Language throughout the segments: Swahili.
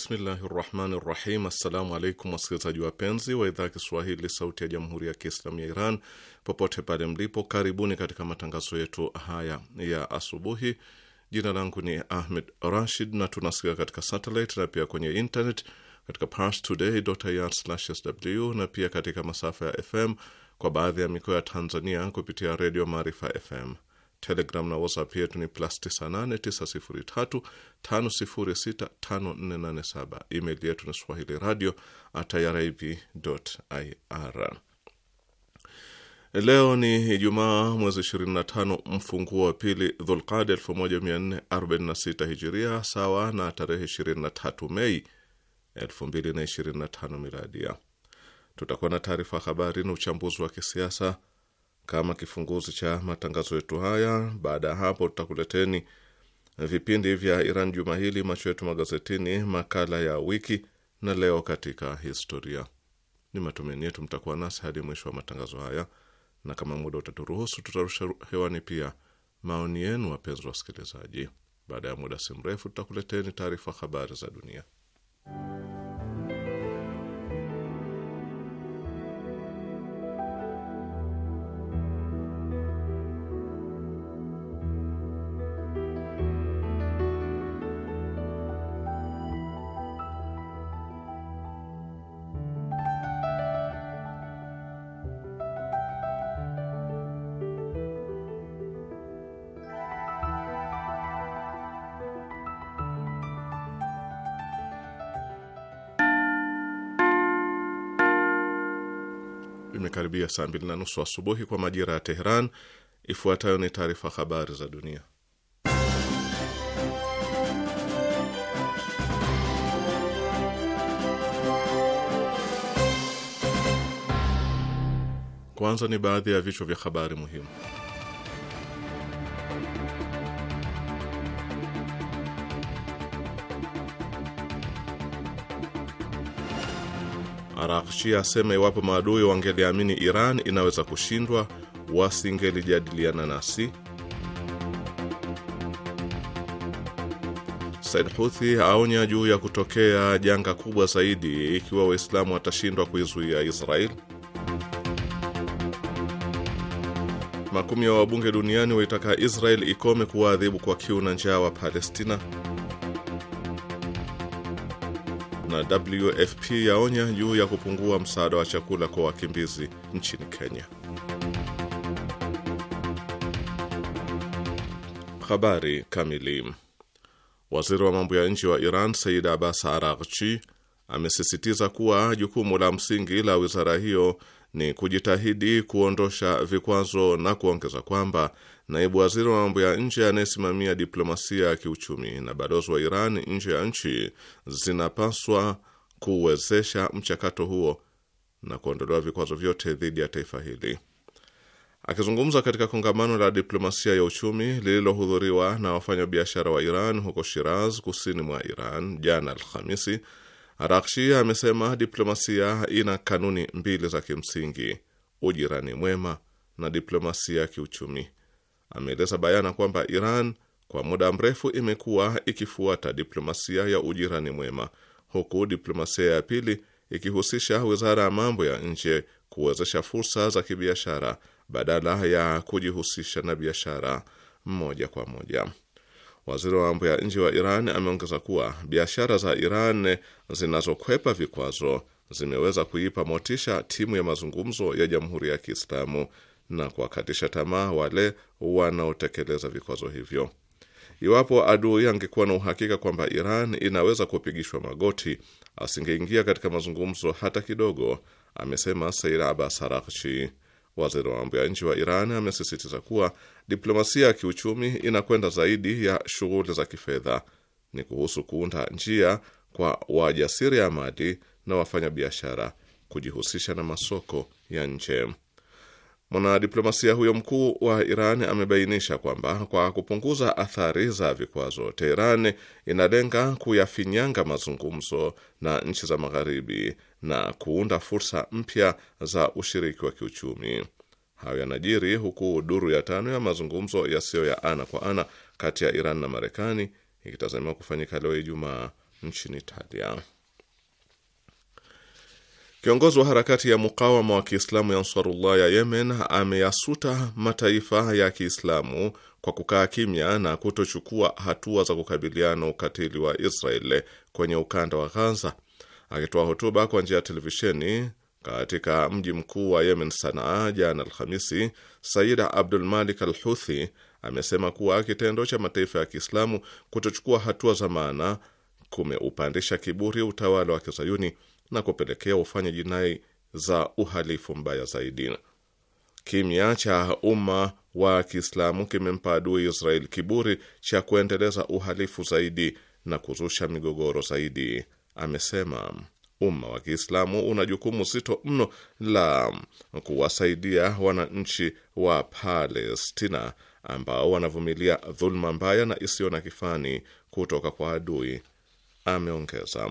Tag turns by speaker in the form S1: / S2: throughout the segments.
S1: Bismillahi rahmani rahim. Assalamu alaikum wasikilizaji wapenzi wa idhaa ya Kiswahili sauti ya jamhuri ya Kiislamu ya Iran popote pale mlipo, karibuni katika matangazo yetu haya ya asubuhi. Jina langu ni Ahmed Rashid na tunasikika katika satelit na pia kwenye internet katika parstoday.ir/sw na pia katika masafa ya FM kwa baadhi ya mikoa ya Tanzania kupitia redio Maarifa FM. Telegram na WhatsApp yetu ni plus 989035065487. Email yetu ni swahili radio at irib.ir. Leo ni Ijumaa, mwezi 25 mfunguo wa pili Dhulqada 1446 Hijiria, sawa na tarehe 23 Mei 2025 Miladia. Tutakuwa na taarifa habari na uchambuzi wa kisiasa kama kifunguzi cha matangazo yetu haya. Baada ya hapo, tutakuleteni vipindi vya Iran juma hili, macho yetu magazetini, makala ya wiki na leo katika historia. Ni matumaini yetu mtakuwa nasi hadi mwisho wa matangazo haya, na kama muda utaturuhusu, tutarusha hewani pia maoni yenu, wapenzi wa wasikilizaji. Baada ya muda si mrefu, tutakuleteni taarifa habari za dunia. kuwadia saa mbili na nusu asubuhi kwa majira ya Teheran. Ifuatayo ni taarifa habari za dunia. Kwanza ni baadhi ya vichwa vya habari muhimu. Araghchi asema iwapo maadui wangeliamini Iran inaweza kushindwa wasingelijadiliana nasi. Said Huthi aonya juu ya kutokea janga kubwa zaidi ikiwa Waislamu watashindwa kuizuia Israel. Makumi ya wabunge duniani waitaka Israel ikome kuwaadhibu kwa kiu na njaa wa Palestina na WFP yaonya juu ya kupungua msaada wa chakula kwa wakimbizi nchini Kenya. Habari kamili. Waziri wa mambo ya nje wa Iran Said Abbas Araghchi amesisitiza kuwa jukumu la msingi la wizara hiyo ni kujitahidi kuondosha vikwazo na kuongeza kwamba naibu waziri wa mambo ya nje anayesimamia diplomasia ya kiuchumi na balozi wa Iran nje ya nchi zinapaswa kuwezesha mchakato huo na kuondolewa vikwazo vyote dhidi ya taifa hili. Akizungumza katika kongamano la diplomasia ya uchumi lililohudhuriwa na wafanyabiashara wa Iran huko Shiraz, kusini mwa Iran, jana Alhamisi, Rakshi amesema diplomasia ina kanuni mbili za kimsingi: ujirani mwema na diplomasia ya kiuchumi. Ameeleza bayana kwamba Iran kwa muda mrefu imekuwa ikifuata diplomasia ya ujirani mwema, huku diplomasia ya pili ikihusisha wizara ya mambo ya nje kuwezesha fursa za kibiashara badala ya kujihusisha na biashara moja kwa moja. Waziri wa mambo ya nje wa Iran ameongeza kuwa biashara za Iran zinazokwepa vikwazo zimeweza kuipa motisha timu ya mazungumzo ya Jamhuri ya Kiislamu na kuwakatisha tamaa wale wanaotekeleza vikwazo hivyo. Iwapo adui angekuwa na uhakika kwamba Iran inaweza kupigishwa magoti, asingeingia katika mazungumzo hata kidogo, amesema Said Abbas Araghchi. Waziri wa mambo ya nje wa Iran amesisitiza kuwa diplomasia ya kiuchumi inakwenda zaidi ya shughuli za kifedha, ni kuhusu kuunda njia kwa wajasiriamali na wafanyabiashara kujihusisha na masoko ya nje. Mwanadiplomasia huyo mkuu wa Iran amebainisha kwamba kwa kupunguza athari za vikwazo, Teheran inalenga kuyafinyanga mazungumzo na nchi za Magharibi na kuunda fursa mpya za ushiriki wa kiuchumi. Hayo yanajiri huku duru ya tano ya mazungumzo yasiyo ya ana kwa ana kati ya Iran na Marekani ikitazamiwa kufanyika leo Ijumaa nchini Italia. Kiongozi wa harakati ya mukawama wa Kiislamu ya Ansarullah ya Yemen ameyasuta mataifa ya Kiislamu kwa kukaa kimya na kutochukua hatua za kukabiliana na ukatili wa Israeli kwenye ukanda wa Ghaza. Akitoa hotuba kwa njia ya televisheni katika mji mkuu wa Yemen, Sanaa, jana Alhamisi, Saida Abdul Malik Al Huthi amesema kuwa kitendo cha mataifa ya Kiislamu kutochukua hatua za maana kumeupandisha kiburi utawala wa Kizayuni na kupelekea ufanya jinai za uhalifu mbaya zaidi. Kimya cha umma wa Kiislamu kimempa adui Israel kiburi cha kuendeleza uhalifu zaidi na kuzusha migogoro zaidi, amesema. Umma wa Kiislamu una jukumu zito mno la kuwasaidia wananchi wa Palestina ambao wanavumilia dhuluma mbaya na isiyo na kifani kutoka kwa adui ameongeza.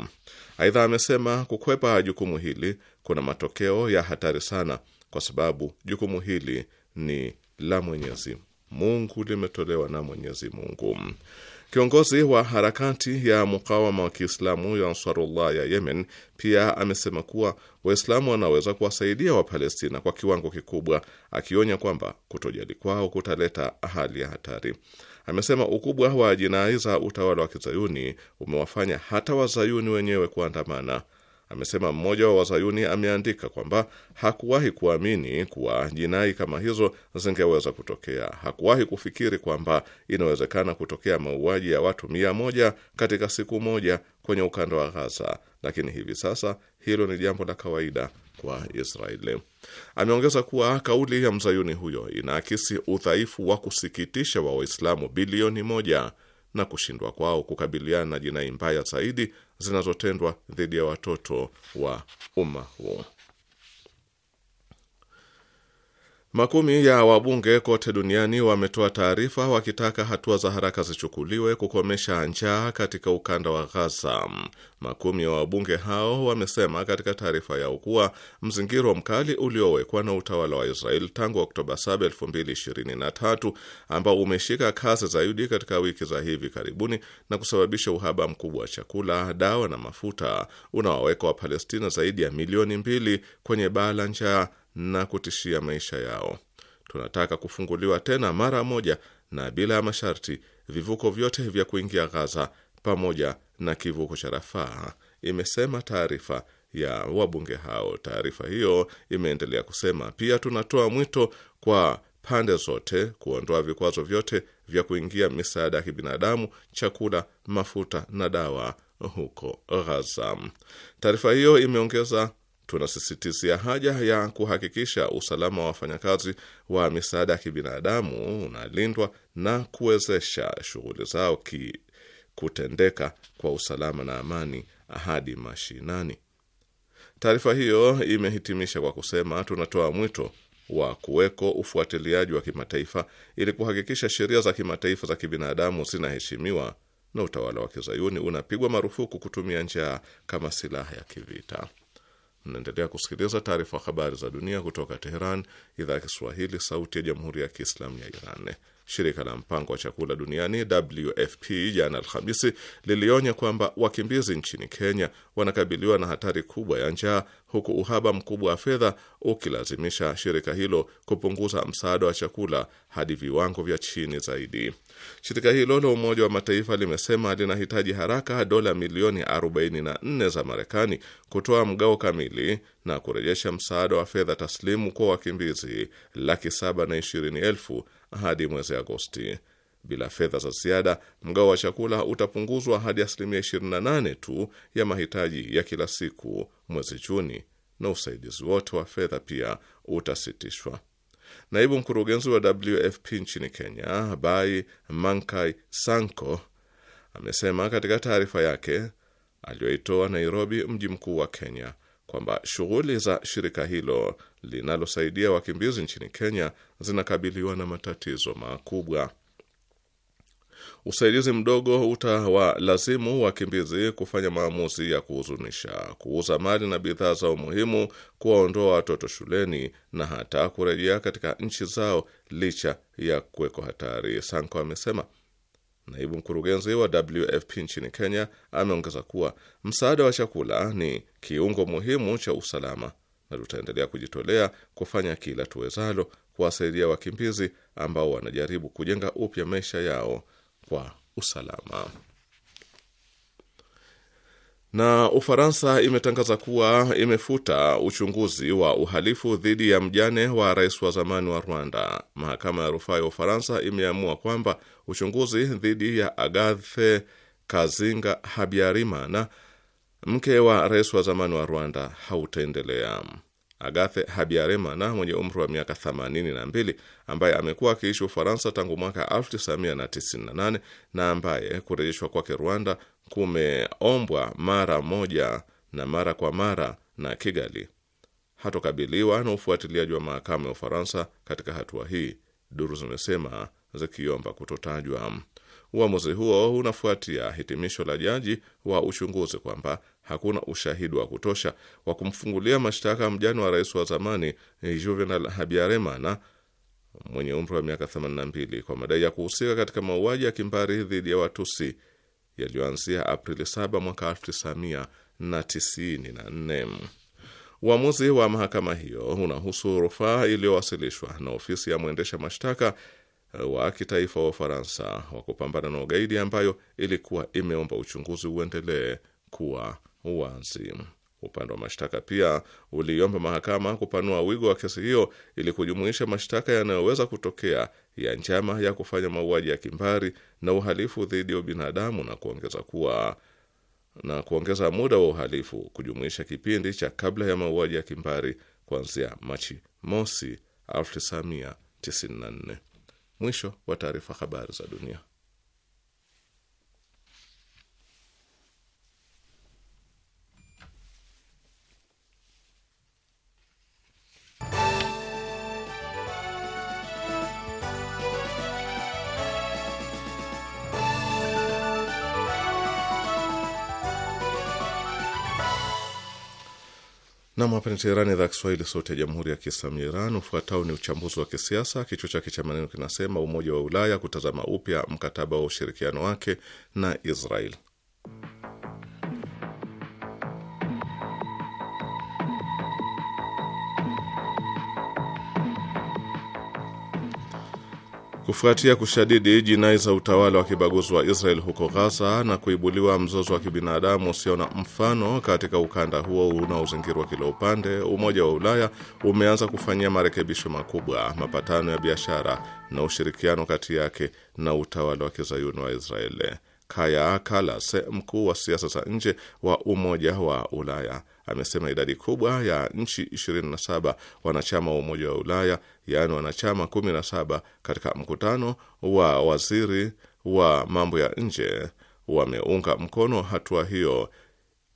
S1: Aidha, amesema kukwepa jukumu hili kuna matokeo ya hatari sana, kwa sababu jukumu hili ni la Mwenyezi Mungu, limetolewa na Mwenyezi Mungu. Kiongozi wa harakati ya mukawama wa Kiislamu ya Ansarullah ya Yemen pia amesema kuwa Waislamu wanaweza kuwasaidia Wapalestina kwa kiwango kikubwa, akionya kwamba kutojali kwao kutaleta hali ya hatari. Amesema ukubwa wa jinai za utawala wa kizayuni umewafanya hata wazayuni wenyewe kuandamana. Amesema mmoja wa wazayuni ameandika kwamba hakuwahi kuamini kuwa jinai kama hizo zingeweza kutokea. Hakuwahi kufikiri kwamba inawezekana kutokea mauaji ya watu mia moja katika siku moja kwenye ukanda wa Ghaza, lakini hivi sasa hilo ni jambo la kawaida kwa Israeli. Ameongeza kuwa kauli ya mzayuni huyo inaakisi udhaifu wa kusikitisha wa Waislamu bilioni moja na kushindwa kwao kukabiliana na jinai mbaya zaidi zinazotendwa dhidi ya watoto wa umma huu Makumi ya wabunge kote duniani wametoa taarifa wakitaka hatua za haraka zichukuliwe kukomesha njaa katika ukanda wa Gaza. Makumi ya wabunge hao wamesema katika taarifa yao kuwa mzingiro mkali uliowekwa na utawala wa Israel tangu Oktoba 7, 2023 ambao umeshika kasi zaidi katika wiki za hivi karibuni na kusababisha uhaba mkubwa wa chakula, dawa na mafuta, unawaweka Wapalestina zaidi ya milioni mbili kwenye baa la njaa na kutishia maisha yao. Tunataka kufunguliwa tena mara moja na bila ya masharti vivuko vyote vya kuingia Gaza pamoja na kivuko cha Rafaa, imesema taarifa ya wabunge hao. Taarifa hiyo imeendelea kusema pia, tunatoa mwito kwa pande zote kuondoa vikwazo vyote vya kuingia misaada ya kibinadamu, chakula, mafuta na dawa huko Gaza. Taarifa hiyo imeongeza tunasisitizia haja ya kuhakikisha usalama wa wafanyakazi wa misaada ya kibinadamu unalindwa na kuwezesha shughuli zao ki kutendeka kwa usalama na amani hadi mashinani. Taarifa hiyo imehitimisha kwa kusema, tunatoa mwito wa kuweko ufuatiliaji wa kimataifa ili kuhakikisha sheria za kimataifa za kibinadamu zinaheshimiwa na utawala wa kizayuni unapigwa marufuku kutumia njaa kama silaha ya kivita. Mnaendelea kusikiliza taarifa ya habari za dunia kutoka Teheran, idhaa ya Kiswahili, sauti ya jamhuri ya kiislamu ya Iran. Shirika la mpango wa chakula duniani WFP jana Alhamisi lilionya kwamba wakimbizi nchini Kenya wanakabiliwa na hatari kubwa ya njaa, huku uhaba mkubwa wa fedha ukilazimisha shirika hilo kupunguza msaada wa chakula hadi viwango vya chini zaidi. Shirika hilo la Umoja wa Mataifa limesema linahitaji haraka dola milioni 44 za Marekani kutoa mgao kamili na kurejesha msaada wa fedha taslimu kwa wakimbizi laki saba na ishirini elfu hadi mwezi Agosti. Bila fedha za ziada, mgao wa chakula utapunguzwa hadi asilimia 28 tu ya mahitaji ya kila siku mwezi Juni, na usaidizi wote wa fedha pia utasitishwa. Naibu mkurugenzi wa WFP nchini Kenya, Bai Mankai Sanko, amesema katika taarifa yake aliyoitoa Nairobi, mji mkuu wa Kenya, kwamba shughuli za shirika hilo linalosaidia wakimbizi nchini Kenya zinakabiliwa na matatizo makubwa. Usaidizi mdogo utawalazimu wakimbizi kufanya maamuzi ya kuhuzunisha, kuuza mali na bidhaa zao muhimu, kuwaondoa watoto shuleni na hata kurejea katika nchi zao licha ya kuweko hatari, Sanko amesema. Naibu mkurugenzi wa WFP nchini Kenya ameongeza kuwa msaada wa chakula ni kiungo muhimu cha usalama na tutaendelea kujitolea kufanya kila tuwezalo kuwasaidia wakimbizi ambao wanajaribu kujenga upya maisha yao kwa usalama. Na Ufaransa imetangaza kuwa imefuta uchunguzi wa uhalifu dhidi ya mjane wa rais wa zamani wa Rwanda. Mahakama ya rufaa ya Ufaransa imeamua kwamba uchunguzi dhidi ya Agathe Kazinga Habyarimana, mke wa rais wa zamani wa Rwanda, hautaendelea. Agathe Habiaremana mwenye umri wa miaka 82 ambaye amekuwa akiishi Ufaransa tangu mwaka 1998 na ambaye kurejeshwa kwake Rwanda kumeombwa mara moja na mara kwa mara na Kigali, hatokabiliwa na ufuatiliaji wa mahakama ya Ufaransa katika hatua hii, duru zimesema zikiomba kutotajwa. Uamuzi huo unafuatia hitimisho la jaji wa uchunguzi kwamba hakuna ushahidi wa kutosha wa kumfungulia mashtaka mjane wa rais wa zamani eh, Juvenal Habyarimana mwenye umri wa miaka 82 kwa madai ya kuhusika katika mauaji ya kimbari dhidi ya Watusi yaliyoanzia Aprili 7 mwaka 1994. Uamuzi wa mahakama hiyo unahusu rufaa iliyowasilishwa na ofisi ya mwendesha mashtaka eh, wa kitaifa wa Ufaransa wa kupambana na ugaidi ambayo ilikuwa imeomba uchunguzi uendelee kuwa wazi. Upande wa mashtaka pia uliomba mahakama kupanua wigo wa kesi hiyo ili kujumuisha mashtaka yanayoweza kutokea ya njama ya kufanya mauaji ya kimbari na uhalifu dhidi ya ubinadamu na kuongeza kuwa na kuongeza muda wa uhalifu kujumuisha kipindi cha kabla ya mauaji ya kimbari kuanzia Machi mosi 1994. Mwisho wa taarifa. Habari za dunia. Nam, hapa ni Teherani, idhaa Kiswahili, sauti ya jamhuri ya kiislamu ya Iran. Ufuatao ni uchambuzi wa kisiasa, kichwa chake cha maneno kinasema: Umoja wa Ulaya kutazama upya mkataba wa ushirikiano wake na Israel. Kufuatia kushadidi jinai za utawala wa kibaguzi wa Israel huko Gaza na kuibuliwa mzozo wa kibinadamu usio na mfano katika ukanda huo unaozingirwa kila upande, Umoja wa Ulaya umeanza kufanyia marekebisho makubwa mapatano ya biashara na ushirikiano kati yake na utawala wa kizayuni wa Israeli. Kaja mkuu wa siasa za nje wa Umoja wa Ulaya, amesema idadi kubwa ya nchi 27 wanachama wa Umoja wa Ulaya, yaani wanachama 17, katika mkutano wa waziri wa mambo ya nje wameunga mkono hatua hiyo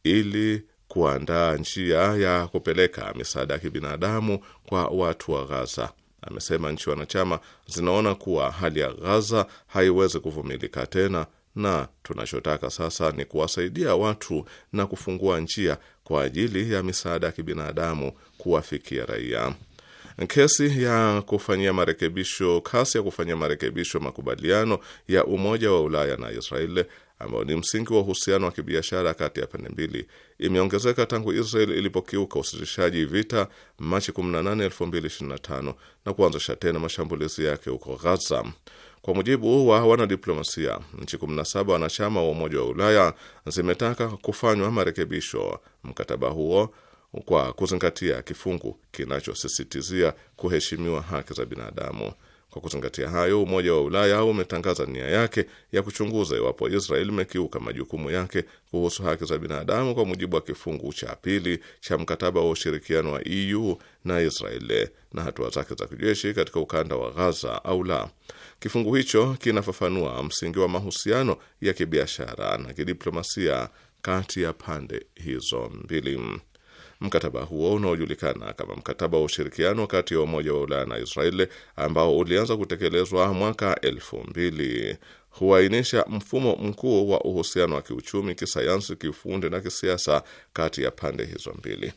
S1: ili kuandaa njia ya kupeleka misaada ya kibinadamu kwa watu wa Gaza. Amesema nchi wanachama zinaona kuwa hali ya Gaza haiwezi kuvumilika tena na tunachotaka sasa ni kuwasaidia watu na kufungua njia kwa ajili ya misaada ya kibinadamu kuwafikia raia. Kesi ya kufanyia marekebisho, kasi ya kufanyia marekebisho makubaliano ya Umoja wa Ulaya na israel ambayo ni msingi wa uhusiano wa kibiashara kati ya pande mbili imeongezeka tangu Israel ilipokiuka usitishaji vita Machi 18, 2025 na kuanzisha tena mashambulizi yake huko Gaza. Kwa mujibu wa wanadiplomasia, nchi 17 wanachama wa Umoja wa Ulaya zimetaka kufanywa marekebisho mkataba huo kwa kuzingatia kifungu kinachosisitizia kuheshimiwa haki za binadamu. Kwa kuzingatia hayo, Umoja wa Ulaya umetangaza nia yake ya kuchunguza iwapo Israel imekiuka majukumu yake kuhusu haki za binadamu kwa mujibu wa kifungu cha pili cha mkataba wa ushirikiano wa EU na Israel na hatua zake za kijeshi katika ukanda wa Gaza au la. Kifungu hicho kinafafanua msingi wa mahusiano ya kibiashara na kidiplomasia kati ya pande hizo mbili. Mkataba huo unaojulikana kama mkataba wa ushirikiano kati ya Umoja wa Ulaya na Israeli ambao ulianza kutekelezwa mwaka elfu mbili huainisha mfumo mkuu wa uhusiano wa kiuchumi, kisayansi, kiufundi na kisiasa kati ya pande hizo mbili.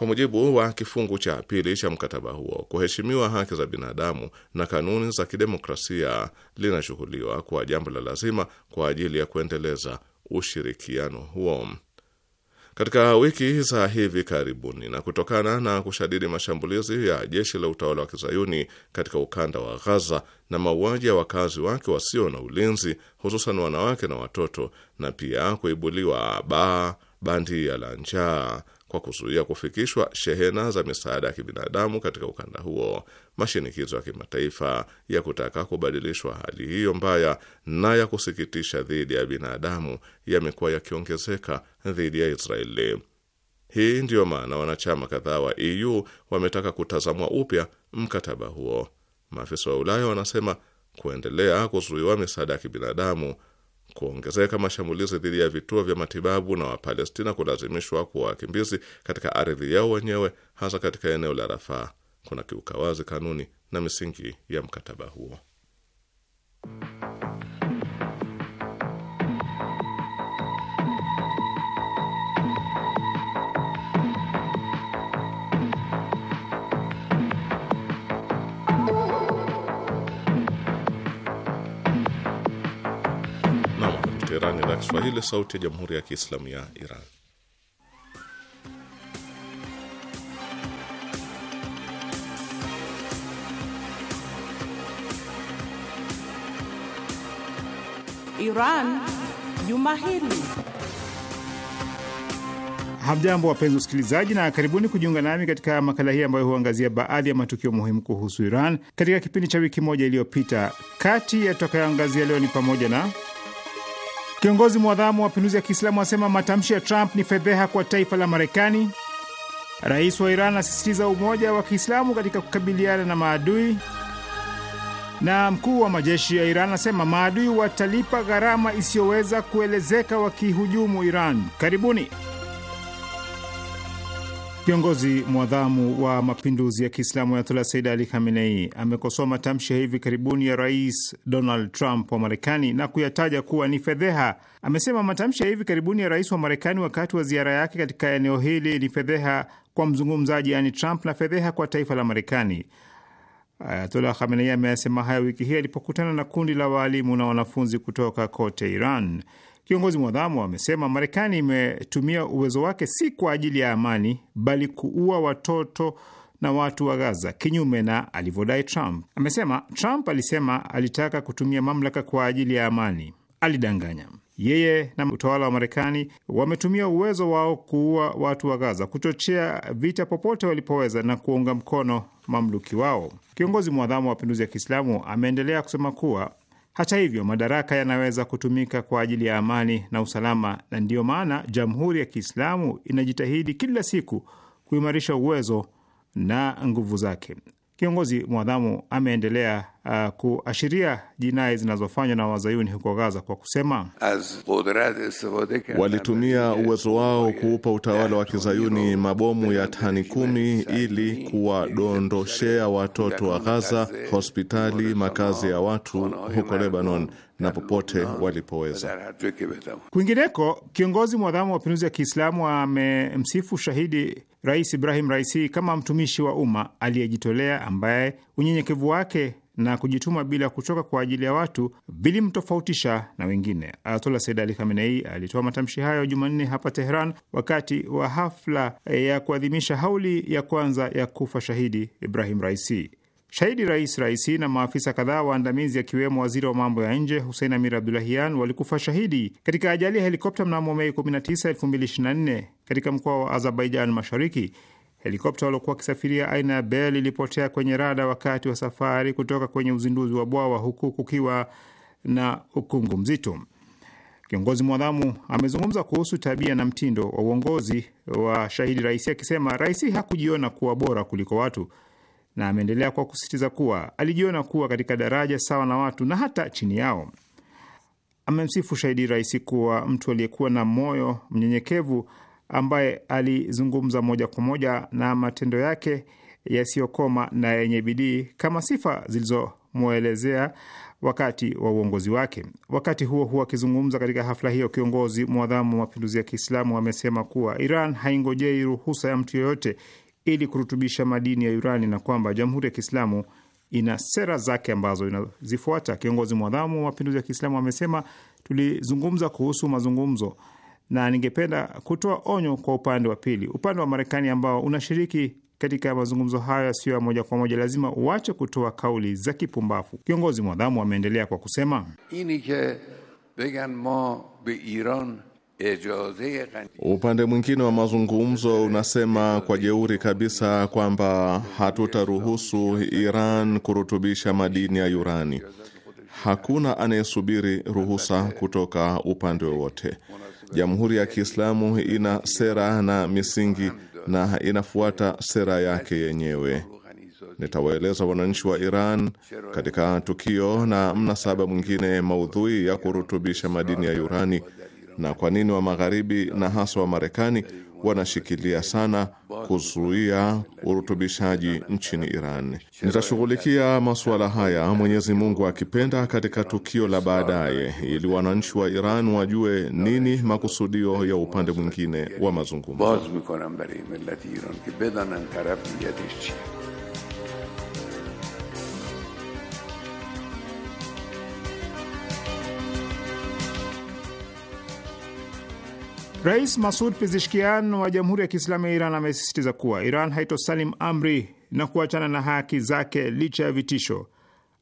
S1: Kwa mujibu wa kifungu cha pili cha mkataba huo, kuheshimiwa haki za binadamu na kanuni za kidemokrasia linashughuliwa kwa jambo la lazima kwa ajili ya kuendeleza ushirikiano huo. Katika wiki za hivi karibuni na kutokana na kushadidi mashambulizi ya jeshi la utawala wa kizayuni katika ukanda wa Ghaza na mauaji ya wakazi wake wasio na ulinzi, hususan wanawake na watoto, na pia kuibuliwa baa bandia la njaa kwa kuzuia kufikishwa shehena za misaada ya kibinadamu katika ukanda huo, mashinikizo ya kimataifa ya kutaka kubadilishwa hali hiyo mbaya na ya kusikitisha dhidi ya binadamu yamekuwa yakiongezeka dhidi ya Israeli. Hii ndiyo maana wanachama kadhaa wa EU wametaka kutazamwa upya mkataba huo. Maafisa wa Ulaya wanasema kuendelea kuzuiwa misaada ya kibinadamu kuongezeka mashambulizi dhidi ya vituo vya matibabu na Wapalestina kulazimishwa kuwa wakimbizi katika ardhi yao wenyewe, hasa katika eneo la Rafaa, kuna kiuka wazi kanuni na misingi ya mkataba huo. Teheran, idhaa Kiswahili, sauti ya jamhuri ya kiislamu ya Iran.
S2: Iran juma hili.
S3: Hamjambo, wapenzi usikilizaji, na karibuni kujiunga nami katika makala hii ambayo huangazia baadhi ya matukio muhimu kuhusu Iran katika kipindi cha wiki moja iliyopita. Kati ya tutakayoangazia leo ni pamoja na Kiongozi mwadhamu wa mapinduzi ya Kiislamu asema matamshi ya Trump ni fedheha kwa taifa la Marekani. Rais wa Iran asisitiza umoja wa Kiislamu katika kukabiliana na maadui, na mkuu wa majeshi ya Iran asema maadui watalipa gharama isiyoweza kuelezeka wakihujumu Iran. Karibuni. Kiongozi mwadhamu wa mapinduzi ya Kiislamu Ayatollah Said Ali Khamenei amekosoa matamshi ya hivi karibuni ya Rais Donald Trump wa Marekani na kuyataja kuwa ni fedheha. Amesema matamshi ya hivi karibuni ya rais wa Marekani wakati wa ziara yake katika eneo hili ni fedheha kwa mzungumzaji, yani Trump, na fedheha kwa taifa la Marekani. Ayatollah Khamenei ameyasema hayo wiki hii alipokutana na kundi la waalimu na wanafunzi kutoka kote Iran. Kiongozi mwadhamu amesema Marekani imetumia uwezo wake si kwa ajili ya amani, bali kuua watoto na watu wa Gaza, kinyume na alivyodai Trump. Amesema Trump alisema alitaka kutumia mamlaka kwa ajili ya amani, alidanganya. Yeye na utawala wa Marekani wametumia uwezo wao kuua watu wa Gaza, kuchochea vita popote walipoweza na kuunga mkono mamluki wao. Kiongozi mwadhamu wa mapinduzi ya Kiislamu ameendelea kusema kuwa hata hivyo, madaraka yanaweza kutumika kwa ajili ya amani na usalama, na ndiyo maana Jamhuri ya Kiislamu inajitahidi kila siku kuimarisha uwezo na nguvu zake. Kiongozi mwadhamu ameendelea uh, kuashiria jinai zinazofanywa na wazayuni huko Gaza kwa kusema
S1: walitumia uwezo wao kuupa utawala wa kizayuni mabomu ya tani kumi ili kuwadondoshea watoto wa Gaza, hospitali, makazi ya watu huko Lebanon na popote walipoweza.
S3: Kwingineko, kiongozi mwadhamu wa mapinduzi ya Kiislamu amemsifu shahidi Rais Ibrahim Raisi kama mtumishi wa umma aliyejitolea ambaye unyenyekevu wake na kujituma bila kuchoka kwa ajili ya watu vilimtofautisha na wengine. Ayatola Said Ali Khamenei alitoa matamshi hayo Jumanne hapa Teheran wakati wa hafla ya kuadhimisha hauli ya kwanza ya kufa shahidi Ibrahim Raisi. Shahidi Rais Raisi na maafisa kadhaa waandamizi akiwemo waziri wa mambo ya nje Husein Amir Abdulahian walikufa shahidi katika ajali ya helikopta mnamo Mei 19, 2024 katika mkoa wa Azerbaijan Mashariki. Helikopta waliokuwa wakisafiria aina ya Bell ilipotea kwenye rada wakati wa safari kutoka kwenye uzinduzi wa bwawa, huku kukiwa na ukungu mzito. Kiongozi mwadhamu amezungumza kuhusu tabia na mtindo wa uongozi wa shahidi Raisi akisema Raisi hakujiona kuwa bora kuliko watu, na ameendelea kwa kusisitiza kuwa alijiona kuwa katika daraja sawa na watu na hata chini yao. Amemsifu shahidi Raisi kuwa mtu aliyekuwa na moyo mnyenyekevu ambaye alizungumza moja kwa moja na matendo yake yasiyokoma na yenye bidii kama sifa zilizomwelezea wakati wa uongozi wake. Wakati huo huo, akizungumza katika hafla hiyo, kiongozi mwadhamu wa mapinduzi ya Kiislamu amesema kuwa Iran haingojei ruhusa ya mtu yoyote ili kurutubisha madini ya urani na kwamba Jamhuri ya Kiislamu ina sera zake ambazo inazifuata. Kiongozi mwadhamu wa mapinduzi ya Kiislamu amesema, tulizungumza kuhusu mazungumzo na ningependa kutoa onyo kwa upande wa pili, upande wa Marekani ambao unashiriki katika mazungumzo hayo yasiyo ya moja kwa moja lazima uache kutoa kauli za kipumbafu. Kiongozi mwadhamu ameendelea kwa kusema, e upande mwingine wa mazungumzo unasema
S1: kwa jeuri kabisa kwamba hatutaruhusu Iran kurutubisha madini ya urani. Hakuna anayesubiri ruhusa kutoka upande wowote. Jamhuri ya Kiislamu ina sera na misingi na inafuata sera yake yenyewe. Nitawaeleza wananchi wa Iran katika tukio na mnasaba mwingine maudhui ya kurutubisha madini ya urani na kwa nini wa Magharibi na hasa wa Marekani wanashikilia sana kuzuia urutubishaji nchini Iran. Nitashughulikia masuala haya Mwenyezi Mungu akipenda katika tukio la baadaye, ili wananchi wa Iran wajue nini makusudio ya upande mwingine wa mazungumzo.
S3: Rais Masud Pizishkian wa Jamhuri ya Kiislamu ya Iran amesisitiza kuwa Iran haitosalim amri na kuachana na haki zake licha ya vitisho,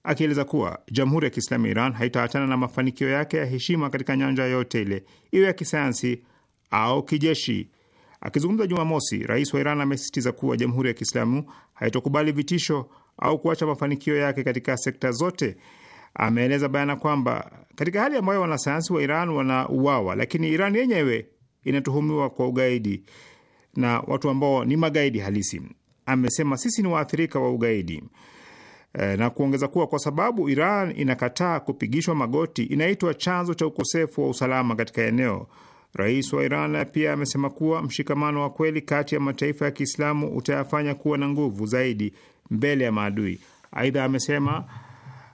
S3: akieleza kuwa Jamhuri ya Kiislamu ya Iran haitaachana na mafanikio yake ya heshima katika nyanja yote ile, iwe ya kisayansi au kijeshi. Akizungumza Jumamosi, rais wa Iran amesisitiza kuwa Jamhuri ya Kiislamu haitokubali vitisho au kuacha mafanikio yake katika sekta zote. Ameeleza bayana kwamba katika hali ambayo wanasayansi wa Iran wanauawa, lakini Iran yenyewe inatuhumiwa kwa ugaidi na watu ambao ni magaidi halisi. Amesema sisi ni waathirika wa ugaidi e, na kuongeza kuwa kwa sababu Iran inakataa kupigishwa magoti inaitwa chanzo cha ukosefu wa usalama katika eneo. Rais wa Iran pia amesema kuwa mshikamano wa kweli kati ya mataifa ya Kiislamu utayafanya kuwa na nguvu zaidi mbele ya maadui. Aidha amesema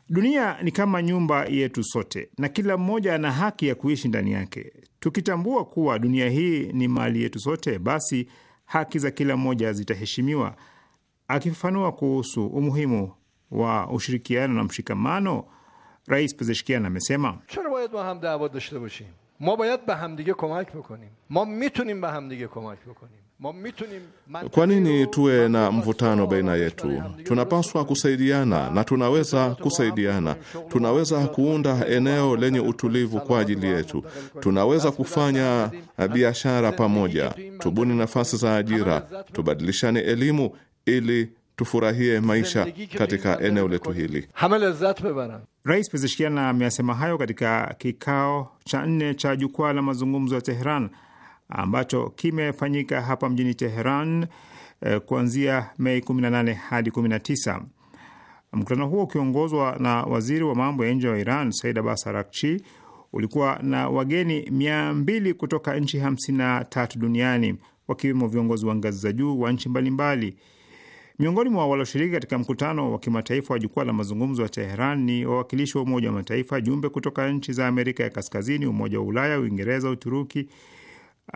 S3: dunia ni kama nyumba yetu sote na kila mmoja ana haki ya kuishi ndani yake. Tukitambua kuwa dunia hii ni mali yetu sote, basi haki za kila mmoja zitaheshimiwa. Akifafanua kuhusu umuhimu wa ushirikiano na mshikamano, Rais Pezeshkian amesema
S4: ma bayad ba hamdige komak bikonim ma mitunim be hamdige komak bikonim
S1: kwa nini tuwe na mvutano baina yetu? Tunapaswa kusaidiana na tunaweza kusaidiana. Tunaweza kuunda eneo lenye utulivu kwa ajili yetu. Tunaweza kufanya biashara pamoja, tubuni nafasi za ajira, tubadilishane elimu ili tufurahie maisha katika eneo letu hili.
S3: Rais Pezeshkian amesema hayo katika kikao cha nne cha jukwaa la mazungumzo ya Teheran ambacho kimefanyika hapa mjini Teheran eh, kuanzia Mei 18 hadi 19. Mkutano huo ukiongozwa na waziri wa mambo ya nje wa Iran Said Abbas Arakchi ulikuwa na wageni mia mbili kutoka nchi 53 na tatu duniani wakiwemo viongozi wa ngazi za juu wa nchi mbalimbali. Miongoni mwa walioshiriki katika mkutano wa kimataifa wa jukwaa la mazungumzo ya Teheran ni wawakilishi wa Umoja wa Mataifa, jumbe kutoka nchi za Amerika ya Kaskazini, Umoja wa Ulaya, Uingereza, Uturuki,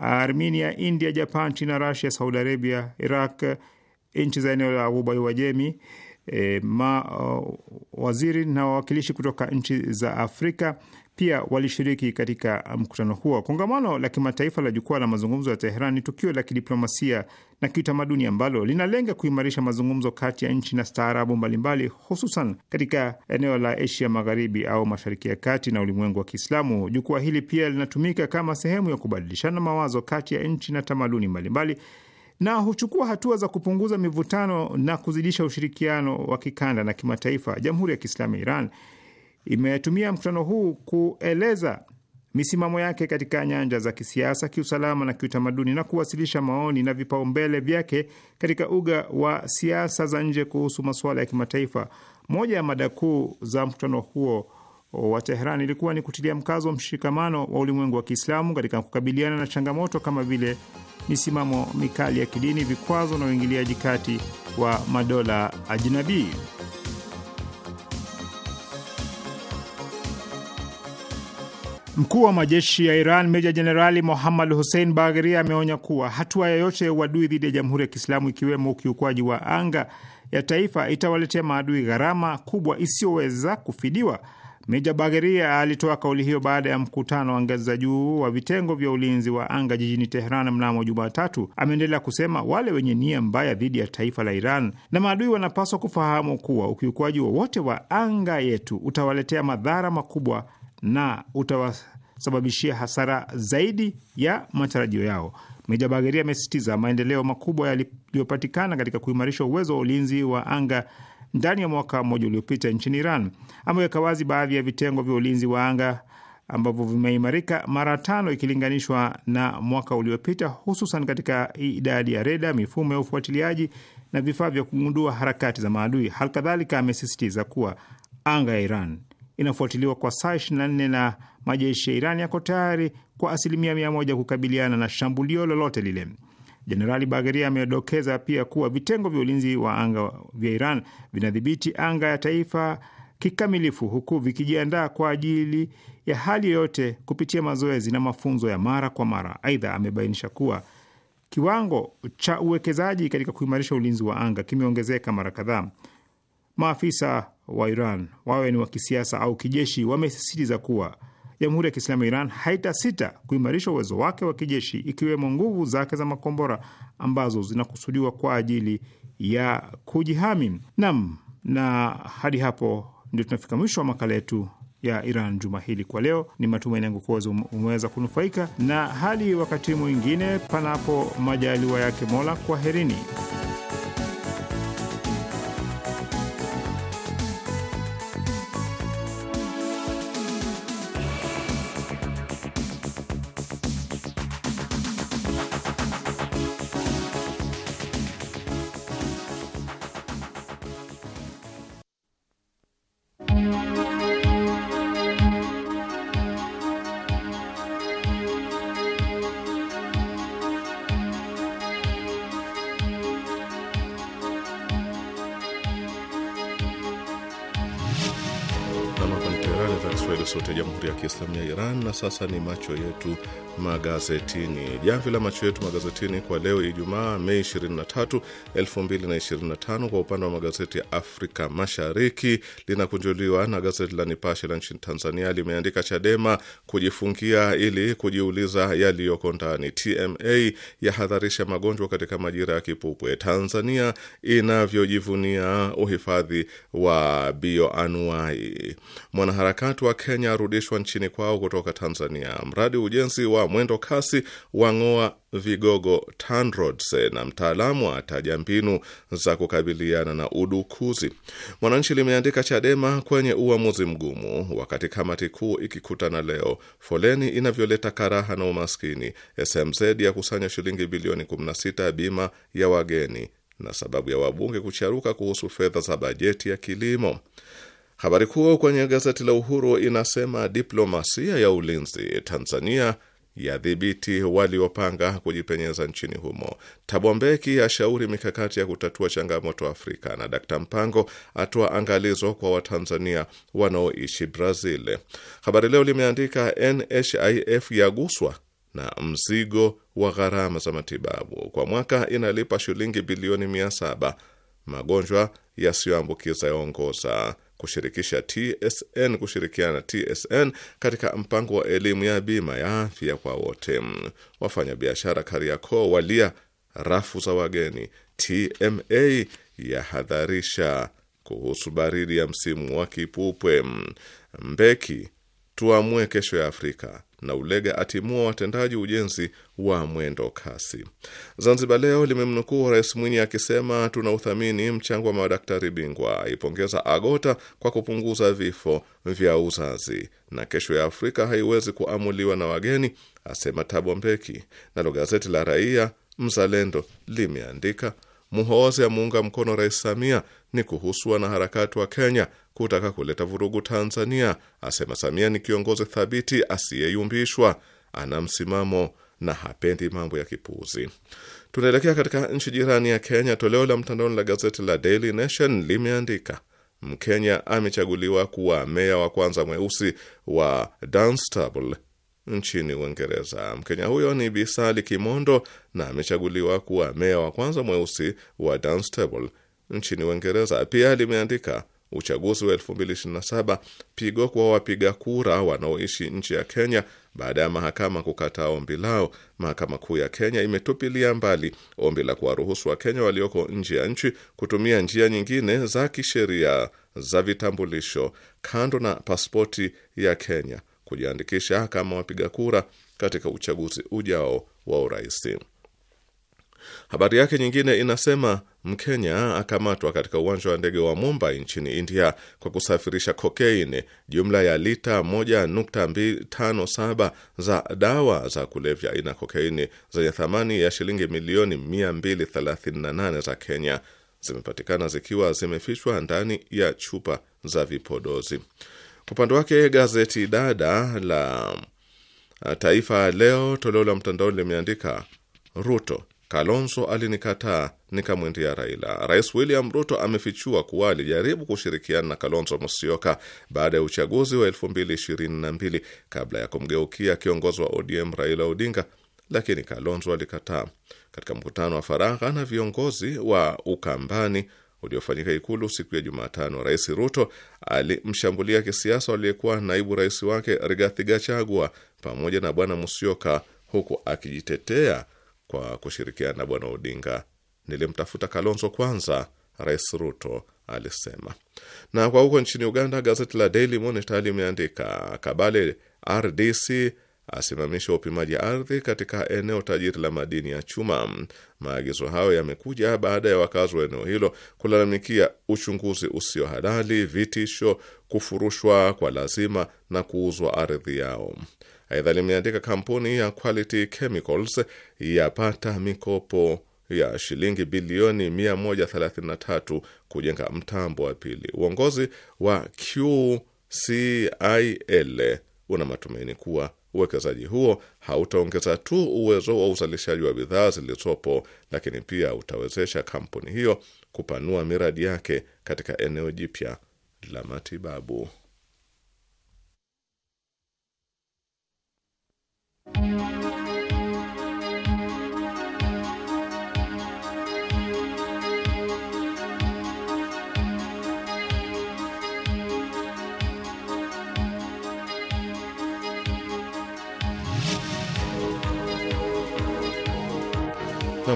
S3: Armenia, India, Japan, China, Rusia, Saudi Arabia, Iraq, nchi za eneo la ghuba ya Uajemi, e, eh, mawaziri na wawakilishi kutoka nchi za Afrika pia walishiriki katika uh, mkutano huo. Kongamano la kimataifa la jukwaa la mazungumzo ya Teheran ni tukio la kidiplomasia na kiutamaduni ambalo linalenga kuimarisha mazungumzo kati ya nchi na staarabu mbalimbali, hususan katika eneo la Asia Magharibi au Mashariki ya Kati na ulimwengu wa Kiislamu. Jukwaa hili pia linatumika kama sehemu ya kubadilishana mawazo kati ya nchi na tamaduni mbalimbali na huchukua hatua za kupunguza mivutano na kuzidisha ushirikiano wa kikanda na kimataifa. Jamhuri ya Kiislamu ya Iran imetumia mkutano huu kueleza misimamo yake katika nyanja za kisiasa, kiusalama na kiutamaduni na kuwasilisha maoni na vipaumbele vyake katika uga wa siasa za nje kuhusu masuala ya kimataifa. Moja ya mada kuu za mkutano huo wa Teheran ilikuwa ni kutilia mkazo mshikamano wa ulimwengu wa Kiislamu katika kukabiliana na changamoto kama vile misimamo mikali ya kidini, vikwazo na uingiliaji kati wa madola ajnabii. Mkuu wa majeshi ya Iran meja jenerali Mohammad Hussein Bagheri ameonya kuwa hatua yoyote ya uadui dhidi ya Jamhuri ya Kiislamu, ikiwemo ukiukwaji wa anga ya taifa, itawaletea maadui gharama kubwa isiyoweza kufidiwa. Meja Bagheria alitoa kauli hiyo baada ya mkutano wa ngazi za juu wa vitengo vya ulinzi wa anga jijini Teheran mnamo Jumatatu. Ameendelea kusema wale wenye nia mbaya dhidi ya taifa la Iran na maadui wanapaswa kufahamu kuwa ukiukwaji wowote wa, wa anga yetu utawaletea madhara makubwa na utawasababishia hasara zaidi ya matarajio yao. Meja Bagaria amesisitiza maendeleo makubwa yaliyopatikana katika kuimarisha uwezo wa ulinzi wa anga ndani ya mwaka mmoja uliopita nchini Iran. Ameweka wazi baadhi ya vitengo vya ulinzi wa anga ambavyo vimeimarika mara tano ikilinganishwa na mwaka uliopita, hususan katika idadi ya reda, mifumo ya ufuatiliaji na vifaa vya kugundua harakati za maadui. Halikadhalika, amesisitiza kuwa anga ya Iran inafuatiliwa kwa saa 24 na majeshi ya Iran yako tayari kwa asilimia mia moja kukabiliana na shambulio lolote lile. Jenerali Bagaria amedokeza pia kuwa vitengo vya ulinzi wa anga vya Iran vinadhibiti anga ya taifa kikamilifu huku vikijiandaa kwa ajili ya hali yoyote kupitia mazoezi na mafunzo ya mara kwa mara. Aidha, amebainisha kuwa kiwango cha uwekezaji katika kuimarisha ulinzi wa anga kimeongezeka mara kadhaa. Maafisa wa Iran wawe ni wa kisiasa au kijeshi, wamesisitiza kuwa Jamhuri ya Kiislamu ya Iran haitasita kuimarisha uwezo wake wa kijeshi, ikiwemo nguvu zake za makombora ambazo zinakusudiwa kwa ajili ya kujihami. Nam, na hadi hapo ndio tunafika mwisho wa makala yetu ya Iran juma hili. Kwa leo, ni matumaini yangu kuwa umeweza kunufaika, na hadi wakati mwingine, panapo majaliwa yake Mola, kwaherini.
S1: na sasa ni macho yetu magazetini. Jamvi la macho yetu magazetini kwa leo Ijumaa, Mei 23, 2025, kwa upande wa magazeti ya Afrika Mashariki linakunjuliwa na gazeti la Nipashe la nchini Tanzania. Limeandika Chadema kujifungia ili kujiuliza yaliyoko ndani, TMA yahadharisha magonjwa katika majira ya kipupwe, Tanzania inavyojivunia uhifadhi wa bioanuai, mwanaharakati wa Kenya arudishwa nchini kwao kutoka Tanzania, mradi ujenzi wa mwendo kasi wang'oa vigogo TANROADS na mtaalamu ataja mbinu za kukabiliana na udukuzi. Mwananchi limeandika Chadema kwenye uamuzi mgumu, wakati kamati kuu ikikutana leo, foleni inavyoleta karaha na umaskini, SMZ ya kusanya shilingi bilioni 16 ya bima ya wageni, na sababu ya wabunge kucharuka kuhusu fedha za bajeti ya kilimo. Habari kuu kwenye gazeti la Uhuru inasema diplomasia ya ulinzi, Tanzania yadhibiti waliopanga kujipenyeza nchini humo. Tabombeki ashauri mikakati ya kutatua changamoto Afrika, na Dakta Mpango atoa angalizo kwa Watanzania wanaoishi Brazil. Habari Leo limeandika NHIF yaguswa na mzigo wa gharama za matibabu, kwa mwaka inalipa shilingi bilioni mia saba magonjwa yasiyoambukiza yaongoza kushirikisha TSN kushirikiana TSN katika mpango wa elimu ya bima ya afya kwa wote. Wafanyabiashara Kariakoo walia rafu za wageni. TMA yahadharisha kuhusu baridi ya msimu wa kipupwe. Mbeki tuamue kesho ya Afrika na Ulega atimua watendaji ujenzi wa mwendo kasi. Zanzibar Leo limemnukuu Rais Mwinyi akisema tuna uthamini mchango wa madaktari bingwa, aipongeza Agota kwa kupunguza vifo vya uzazi, na kesho ya Afrika haiwezi kuamuliwa na wageni, asema Tabo Mbeki. Nalo gazeti la Raia Mzalendo limeandika Muhoozi amuunga mkono Rais Samia, ni kuhusu wanaharakati wa Kenya kutaka kuleta vurugu Tanzania, asema Samia ni kiongozi thabiti asiyeyumbishwa, ana msimamo na hapendi mambo ya kipuuzi. Tunaelekea katika nchi jirani ya Kenya. Toleo la mtandaoni la gazeti la Daily Nation limeandika Mkenya amechaguliwa kuwa meya wa kwanza mweusi wa Dunstable nchini Uingereza. Mkenya huyo ni Bisali Kimondo na amechaguliwa kuwa meya wa kwanza mweusi wa Dunstable nchini Uingereza. Pia limeandika uchaguzi wa 2027 pigo kwa wapiga kura wanaoishi nchi ya Kenya baada ya mahakama kukataa ombi lao. Mahakama Kuu ya Kenya imetupilia mbali ombi la kuwaruhusu Wakenya walioko nje ya nchi kutumia njia nyingine za kisheria za vitambulisho kando na paspoti ya Kenya kujiandikisha kama wapiga kura katika uchaguzi ujao wa uraisi Habari yake nyingine inasema Mkenya akamatwa katika uwanja wa ndege wa Mumbai nchini India kwa kusafirisha kokaini jumla ya lita 1.257 za dawa za kulevya aina kokaini zenye thamani ya shilingi milioni 238 za Kenya zimepatikana zikiwa zimefichwa ndani ya chupa za vipodozi. Kwa upande wake gazeti dada la uh, Taifa Leo toleo la mtandao limeandika Ruto Kalonzo alinikataa, nikamwendea Raila. Rais William Ruto amefichua kuwa alijaribu kushirikiana na Kalonzo Musyoka baada ya uchaguzi wa 2022 kabla ya kumgeukia kiongozi wa ODM Raila Odinga, lakini Kalonzo alikataa. Katika mkutano wa faragha na viongozi wa Ukambani uliofanyika Ikulu siku ya Jumatano, Rais Ruto alimshambulia kisiasa aliyekuwa naibu rais wake Rigathi Gachagua pamoja na Bwana Musyoka, huku akijitetea kwa kushirikiana na Bwana Odinga. Nilimtafuta Kalonzo kwanza, Rais Ruto alisema. Na kwa huko nchini Uganda, gazeti la Daily Monitor limeandika Kabale RDC asimamisha upimaji ardhi katika eneo tajiri la madini ya chuma. Maagizo hayo yamekuja baada ya wakazi wa eneo hilo kulalamikia uchunguzi usio halali, vitisho, kufurushwa kwa lazima na kuuzwa ardhi yao. Aidha limeandika kampuni ya Quality Chemicals yapata mikopo ya shilingi bilioni 133 kujenga mtambo wa pili. Uongozi wa QCIL una matumaini kuwa uwekezaji huo hautaongeza tu uwezo wa uzalishaji wa bidhaa zilizopo, lakini pia utawezesha kampuni hiyo kupanua miradi yake katika eneo jipya la matibabu.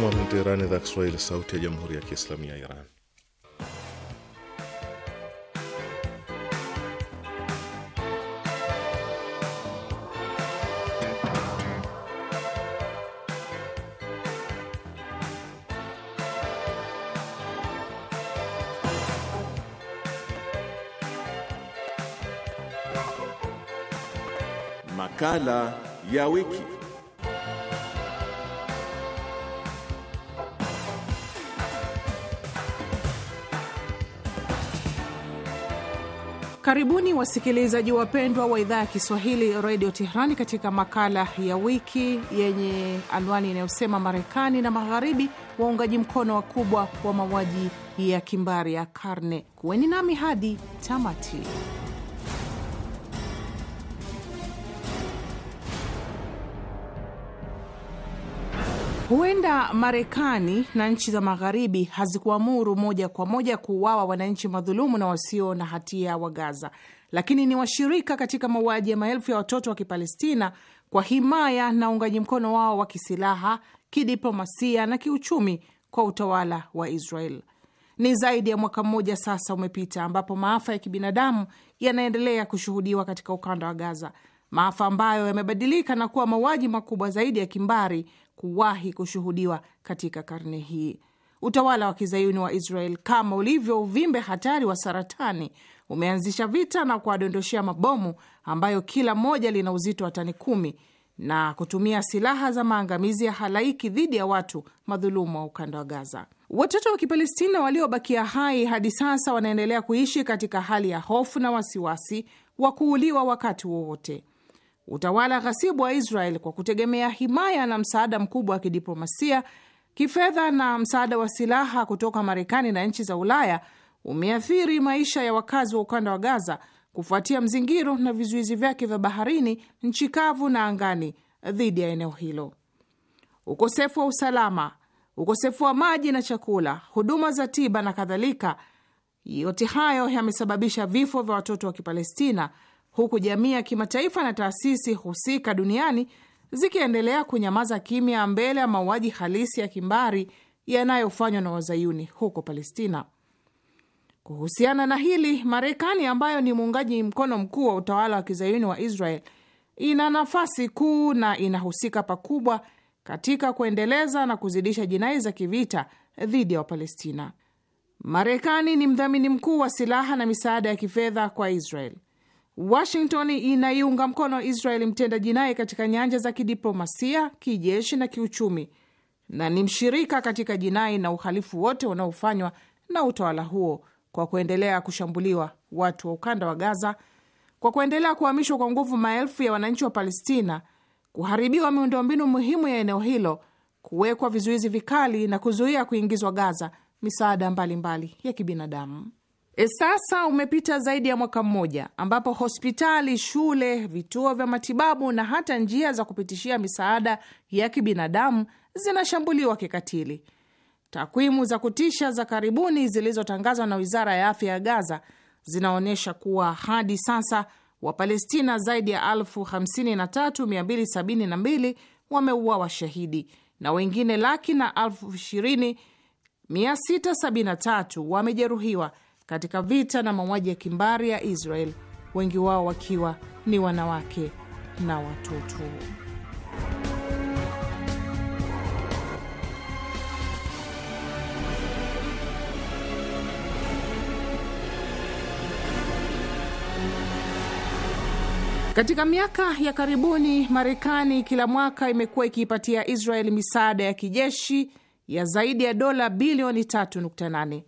S1: Hapa mjini Teheran, idhaa Kiswahili, sauti ya jamhuri ya kiislamu ya Iran. Makala ya wiki.
S2: Karibuni wasikilizaji wapendwa wa idhaa ya Kiswahili redio Teherani katika makala ya wiki yenye anwani inayosema Marekani na Magharibi, waungaji mkono wakubwa wa mauaji ya kimbari ya karne. Kuweni nami hadi tamati. Huenda Marekani na nchi za Magharibi hazikuamuru moja kwa moja kuuawa wananchi madhulumu na wasio na hatia wa Gaza, lakini ni washirika katika mauaji ya maelfu ya watoto wa Kipalestina kwa himaya na uungaji mkono wao wa kisilaha, kidiplomasia na kiuchumi kwa utawala wa Israel. Ni zaidi ya mwaka mmoja sasa umepita ambapo maafa ya kibinadamu yanaendelea kushuhudiwa katika ukanda wa Gaza maafa ambayo yamebadilika na kuwa mauaji makubwa zaidi ya kimbari kuwahi kushuhudiwa katika karne hii. Utawala wa kizayuni wa Israel, kama ulivyo uvimbe hatari wa saratani, umeanzisha vita na kuwadondoshea mabomu ambayo kila moja lina uzito wa tani kumi na kutumia silaha za maangamizi ya halaiki dhidi ya watu madhulumu wa ukanda wa Gaza. Watoto wa Kipalestina waliobakia hai hadi sasa wanaendelea kuishi katika hali ya hofu na wasiwasi wa kuuliwa wakati wowote. Utawala ghasibu wa Israel kwa kutegemea himaya na msaada mkubwa wa kidiplomasia, kifedha na msaada wa silaha kutoka Marekani na nchi za Ulaya umeathiri maisha ya wakazi wa ukanda wa Gaza kufuatia mzingiro na vizuizi vyake vya baharini, nchi kavu na angani dhidi ya eneo hilo. Ukosefu wa usalama, ukosefu wa maji na chakula, huduma za tiba na kadhalika, yote hayo yamesababisha vifo vya watoto wa Kipalestina huku jamii ya kimataifa na taasisi husika duniani zikiendelea kunyamaza kimya mbele ya mauaji halisi ya kimbari yanayofanywa na wazayuni huko Palestina. Kuhusiana na hili, Marekani ambayo ni muungaji mkono mkuu wa utawala wa kizayuni wa Israel ina nafasi kuu na inahusika pakubwa katika kuendeleza na kuzidisha jinai za kivita dhidi ya Wapalestina. Marekani ni mdhamini mkuu wa silaha na misaada ya kifedha kwa Israel. Washington inaiunga mkono Israeli mtenda jinai katika nyanja za kidiplomasia, kijeshi na kiuchumi, na ni mshirika katika jinai na uhalifu wote unaofanywa na utawala huo kwa kuendelea kushambuliwa watu wa ukanda wa Gaza, kwa kuendelea kuhamishwa kwa nguvu maelfu ya wananchi wa Palestina, kuharibiwa miundombinu muhimu ya eneo hilo, kuwekwa vizuizi vikali na kuzuia kuingizwa Gaza misaada mbalimbali mbali ya kibinadamu. E, sasa umepita zaidi ya mwaka mmoja ambapo hospitali, shule, vituo vya matibabu na hata njia za kupitishia misaada ya kibinadamu zinashambuliwa kikatili. Takwimu za kutisha za karibuni zilizotangazwa na Wizara ya Afya ya Gaza zinaonyesha kuwa hadi sasa Wapalestina zaidi ya 53272 wameuawa shahidi na wengine laki na 20673 wamejeruhiwa katika vita na mauaji ya kimbari ya Israel, wengi wao wakiwa ni wanawake na watoto. Katika miaka ya karibuni, Marekani kila mwaka imekuwa ikiipatia Israel misaada ya kijeshi ya zaidi ya dola bilioni 3.8.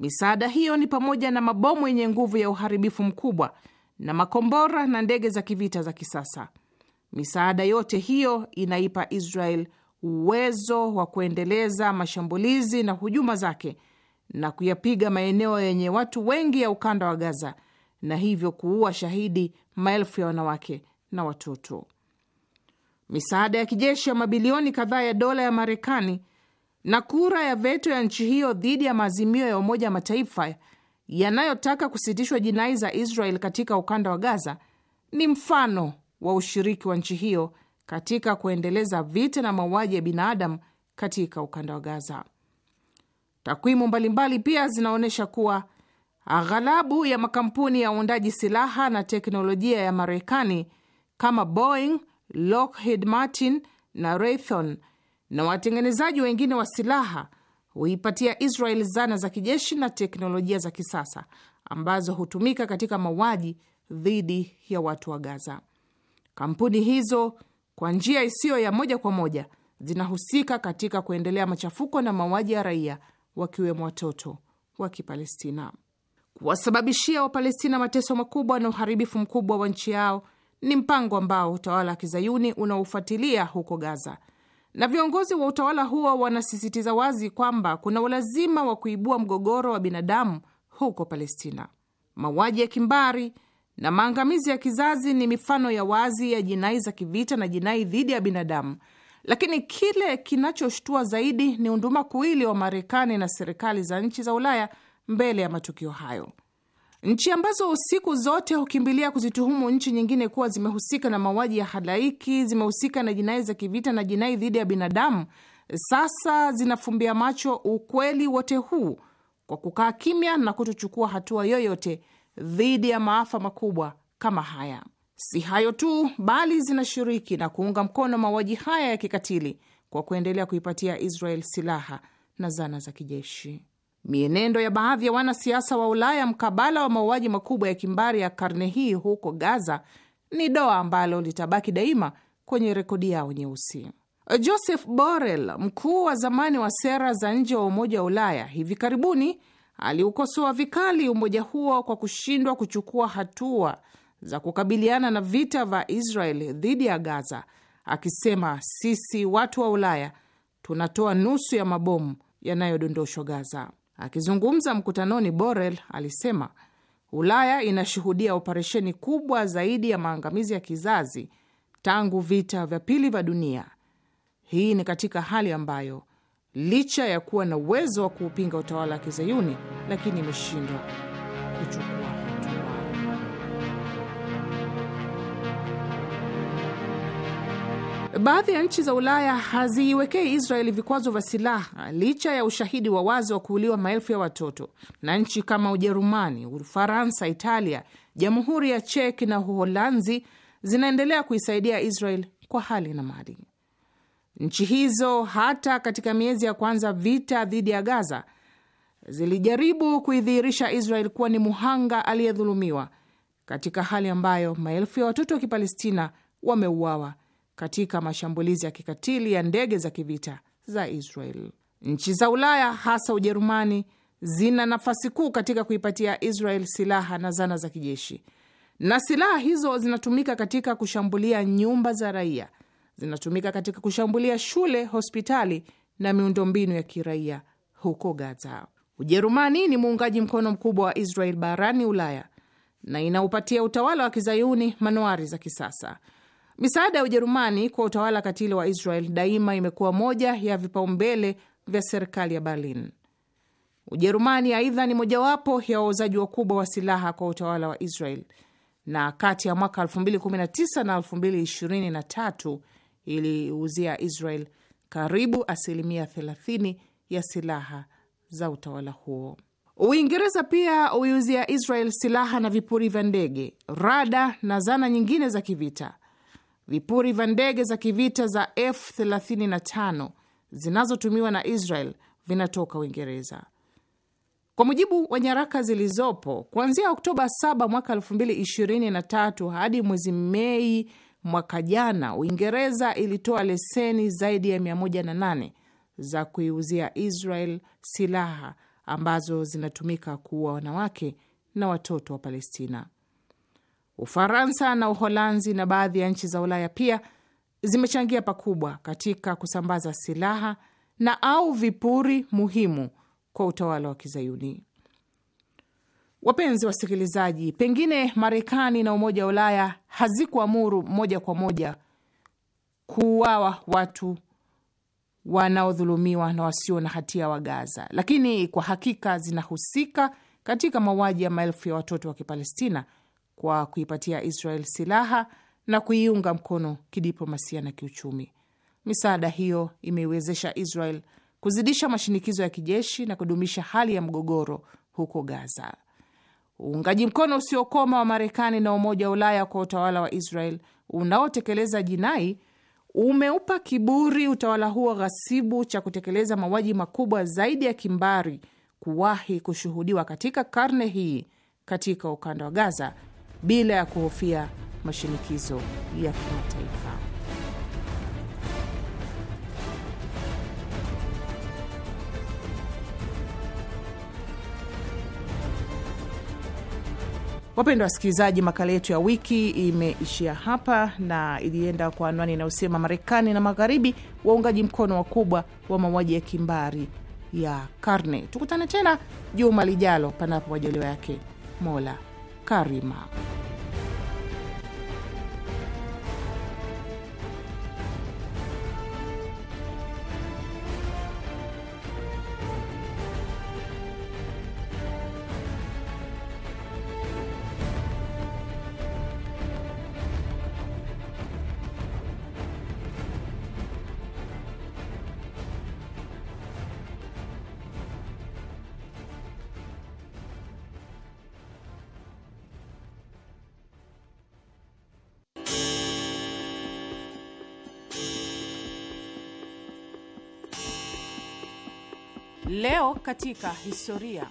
S2: Misaada hiyo ni pamoja na mabomu yenye nguvu ya uharibifu mkubwa na makombora na ndege za kivita za kisasa. Misaada yote hiyo inaipa Israel uwezo wa kuendeleza mashambulizi na hujuma zake na kuyapiga maeneo yenye watu wengi ya ukanda wa Gaza na hivyo kuua shahidi maelfu ya wanawake na watoto. Misaada ya kijeshi ya mabilioni kadhaa ya dola ya Marekani na kura ya veto ya nchi hiyo dhidi ya maazimio ya Umoja wa Mataifa yanayotaka kusitishwa jinai za Israel katika ukanda wa Gaza ni mfano wa ushiriki wa nchi hiyo katika kuendeleza vita na mauaji ya binadamu katika ukanda wa Gaza. Takwimu mbalimbali pia zinaonyesha kuwa aghalabu ya makampuni ya uundaji silaha na teknolojia ya Marekani kama Boeing, Lockheed Martin na Raytheon na watengenezaji wengine wa silaha huipatia Israel zana za kijeshi na teknolojia za kisasa ambazo hutumika katika mauaji dhidi ya watu wa Gaza. Kampuni hizo kwa njia isiyo ya moja kwa moja zinahusika katika kuendelea machafuko na mauaji ya raia, wakiwemo watoto wa Kipalestina. Kuwasababishia Wapalestina mateso makubwa na uharibifu mkubwa wa nchi yao ni mpango ambao utawala wa kizayuni unaofuatilia huko Gaza na viongozi wa utawala huo wanasisitiza wazi kwamba kuna ulazima wa kuibua mgogoro wa binadamu huko Palestina. Mauaji ya kimbari na maangamizi ya kizazi ni mifano ya wazi ya jinai za kivita na jinai dhidi ya binadamu, lakini kile kinachoshtua zaidi ni unduma kuili wa Marekani na serikali za nchi za Ulaya mbele ya matukio hayo. Nchi ambazo siku zote hukimbilia kuzituhumu nchi nyingine kuwa zimehusika na mauaji ya halaiki, zimehusika na jinai za kivita na jinai dhidi ya binadamu, sasa zinafumbia macho ukweli wote huu kwa kukaa kimya na kutochukua hatua yoyote dhidi ya maafa makubwa kama haya. Si hayo tu, bali zinashiriki na kuunga mkono mauaji haya ya kikatili kwa kuendelea kuipatia Israel silaha na zana za kijeshi. Mienendo ya baadhi ya wanasiasa wa Ulaya mkabala wa mauaji makubwa ya kimbari ya karne hii huko Gaza ni doa ambalo litabaki daima kwenye rekodi yao nyeusi. Joseph Borrell, mkuu wa zamani wa sera za nje wa Umoja wa Ulaya, hivi karibuni aliukosoa vikali umoja huo kwa kushindwa kuchukua hatua za kukabiliana na vita vya Israel dhidi ya Gaza, akisema sisi watu wa Ulaya tunatoa nusu ya mabomu yanayodondoshwa Gaza. Akizungumza mkutanoni, Borel alisema Ulaya inashuhudia operesheni kubwa zaidi ya maangamizi ya kizazi tangu vita vya pili vya dunia. Hii ni katika hali ambayo licha ya kuwa na uwezo wa kuupinga utawala wa Kizayuni, lakini imeshindwa kuchukua Baadhi ya nchi za Ulaya haziiwekei Israeli vikwazo vya silaha licha ya ushahidi wa wazi wa kuuliwa maelfu ya watoto, na nchi kama Ujerumani, Ufaransa, Italia, Jamhuri ya Cheki na Uholanzi zinaendelea kuisaidia Israel kwa hali na mali. Nchi hizo hata katika miezi ya kwanza vita dhidi ya Gaza zilijaribu kuidhihirisha Israel kuwa ni muhanga aliyedhulumiwa, katika hali ambayo maelfu ya watoto wa Kipalestina wameuawa katika mashambulizi ya kikatili ya ndege za kivita za Israel. Nchi za Ulaya hasa Ujerumani zina nafasi kuu katika kuipatia Israel silaha na zana za kijeshi, na silaha hizo zinatumika katika kushambulia nyumba za raia, zinatumika katika kushambulia shule, hospitali na miundombinu ya kiraia huko Gaza. Ujerumani ni muungaji mkono mkubwa wa Israel barani Ulaya na inaupatia utawala wa kizayuni manuari za kisasa. Misaada ya Ujerumani kwa utawala katili wa Israel daima imekuwa moja ya vipaumbele vya serikali ya Berlin. Ujerumani aidha ni mojawapo ya wauzaji wakubwa wa silaha kwa utawala wa Israel, na kati ya mwaka 2019 na 2023 iliuzia Israel karibu asilimia 30 ya silaha za utawala huo. Uingereza pia uiuzia Israel silaha na vipuri vya ndege, rada na zana nyingine za kivita vipuri vya ndege za kivita za F35 zinazotumiwa na Israel vinatoka Uingereza. Kwa mujibu wa nyaraka zilizopo, kuanzia Oktoba 7 mwaka 2023 hadi mwezi Mei mwaka jana, Uingereza ilitoa leseni zaidi ya 108 za kuiuzia Israel silaha ambazo zinatumika kuua wanawake na watoto wa Palestina. Ufaransa na Uholanzi na baadhi ya nchi za Ulaya pia zimechangia pakubwa katika kusambaza silaha na au vipuri muhimu kwa utawala wa Kizayuni. Wapenzi wasikilizaji, pengine Marekani na Umoja wa Ulaya hazikuamuru moja kwa moja kuuawa watu wanaodhulumiwa na wasio na hatia wa Gaza, lakini kwa hakika zinahusika katika mauaji ya maelfu ya watoto wa Kipalestina kwa kuipatia Israel silaha na kuiunga mkono kidiplomasia na kiuchumi. Misaada hiyo imeiwezesha Israel kuzidisha mashinikizo ya kijeshi na kudumisha hali ya mgogoro huko Gaza. Uungaji mkono usiokoma wa Marekani na Umoja wa Ulaya kwa utawala wa Israel unaotekeleza jinai umeupa kiburi utawala huo ghasibu cha kutekeleza mauaji makubwa zaidi ya kimbari kuwahi kushuhudiwa katika karne hii katika ukanda wa Gaza bila ya kuhofia mashinikizo ya kimataifa. Wapendwa wasikilizaji, makala yetu ya wiki imeishia hapa na ilienda kwa anwani inayosema Marekani na Magharibi, waungaji mkono wakubwa wa mauaji ya kimbari ya karne. Tukutane tena juma lijalo, panapo majaliwa yake Mola Karima.
S4: Leo katika historia.